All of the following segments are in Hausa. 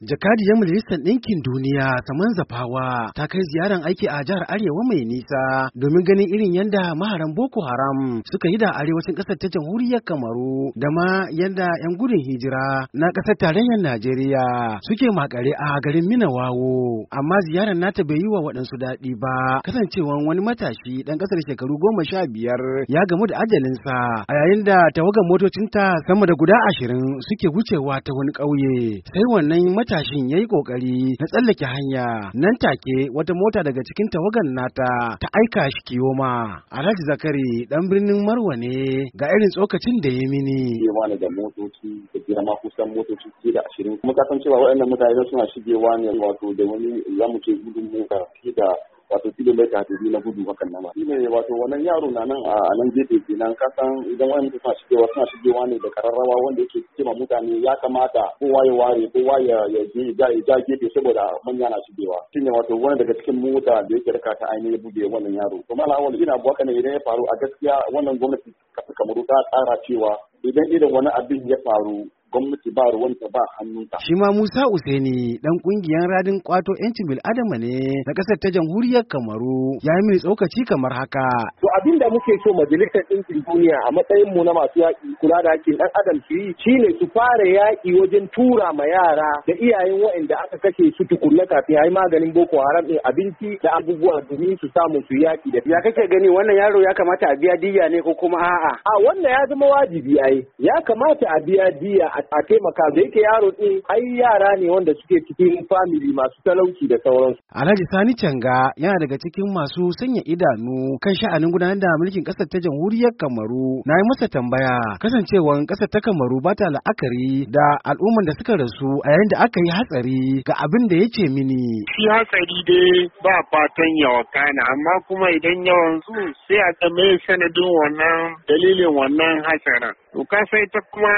Jakadiyar Majalisar Ɗinkin Duniya Saman Zafawa ta kai ziyarar aiki a jihar Arewa mai nisa domin ganin irin yadda maharan Boko Haram suka yi da arewacin ƙasar ta jamhuriyar Kamaru da ma yadda 'yan gudun hijira na ƙasar tarayyar Najeriya suke makare a garin Minawawo. Amma ziyarar nata bai yi wa waɗansu daɗi ba kasancewar wani matashi ɗan ƙasar shekaru goma sha biyar ya gamu da ajalinsa a yayin da tawagar motocinta sama da guda ashirin suke wucewa ta wani ƙauye sai wannan matashin ya yi ƙoƙari na tsallake hanya nan take wata mota daga cikin tawagan nata ta aika shi kiyoma. Alhaji Zakari dan birnin Marwa ne ga irin tsokacin da ya mini. Yawa da motoci da girma kusan motoci fiye da ashirin. Kuma kasancewa cewa waɗannan mutane suna shigewa ne wato da wani zamu ce gudun mota da wato kilomita ta na gudu hakan nan shi ne wato wannan yaro na nan a nan gefe kenan kasan idan wani suna shigewa suna shigewa ne da kararrawa wanda yake ma mutane ya kamata kowa ya ware kowa ya je ya ja gefe saboda manya na shigewa shi ne wato wani daga cikin mota da yake raka ta ainihin buge wannan yaro to mala wani ina buwa ne idan ya faru a gaskiya wannan gwamnati kamaru ta tsara cewa idan irin wani abin ya faru gwamnati ba ruwanta ba hannunta. Shi ma Musa Useni dan kungiyar radin kwato yancin adama ne na kasar ta jamhuriyar Kamaru ya yi mai tsokaci kamar haka. To abin da muke so majalisar ɗinkin duniya a matsayin mu na masu yaƙi kula da hakkin ɗan adam su yi shine su fara yaƙi wajen tura ma yara da iyayen waɗanda aka kashe su tukunna kafin yi maganin Boko Haram ɗin abinci da abubuwa domin su samu su yaƙi da. Ya kake gani wannan yaro ya kamata a biya diya ne ko kuma a'a? A wannan ya zama wajibi ai ya kamata a biya diya a a taimaka da yake yaro din ai yara ne wanda suke cikin famili masu talauci da sauransu. Alhaji Sani Canga yana daga cikin masu sanya idanu kan sha'anin gudanar da mulkin ƙasar ta jamhuriyar Kamaru. Na yi masa tambaya Kasancewar ƙasar ta Kamaru ba ta la'akari da al'umman da suka rasu a yayin da aka yi hatsari ga abin da ya ce mini. Shi hatsari dai ba fatan yawa kana amma kuma idan yawan su sai a game sanadin wannan dalilin wannan hatsarin. To sai ta kuma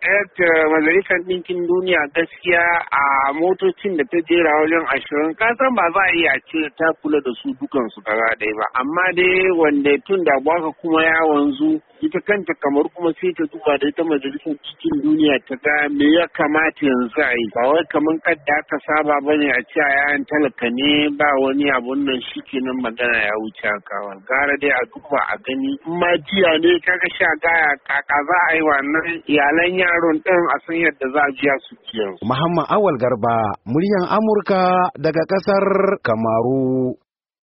majalisar ɗinkin duniya gaskiya a motocin da ta jera wajen ashirin kasan ba za a iya ce ta kula da su dukansu gaba ɗaya ba amma dai wanda tun da baka kuma ya wanzu ita kanta kamar kuma sai ta duba da ita majalisar cikin duniya ta ga me ya kamata yanzu a yi ba wai kamar kadda aka saba ba ne a ce a yayan talaka ne ba wani abun nan kenan magana ya wuce kawar. gara dai a duba a gani in ma jiya ne kaka sha gaya kaka za a yi wannan iyalan ya yaron ɗin a san yadda za a biya su kiyan. Muhammad Awal Garba, muryan Amurka daga ƙasar Kamaru.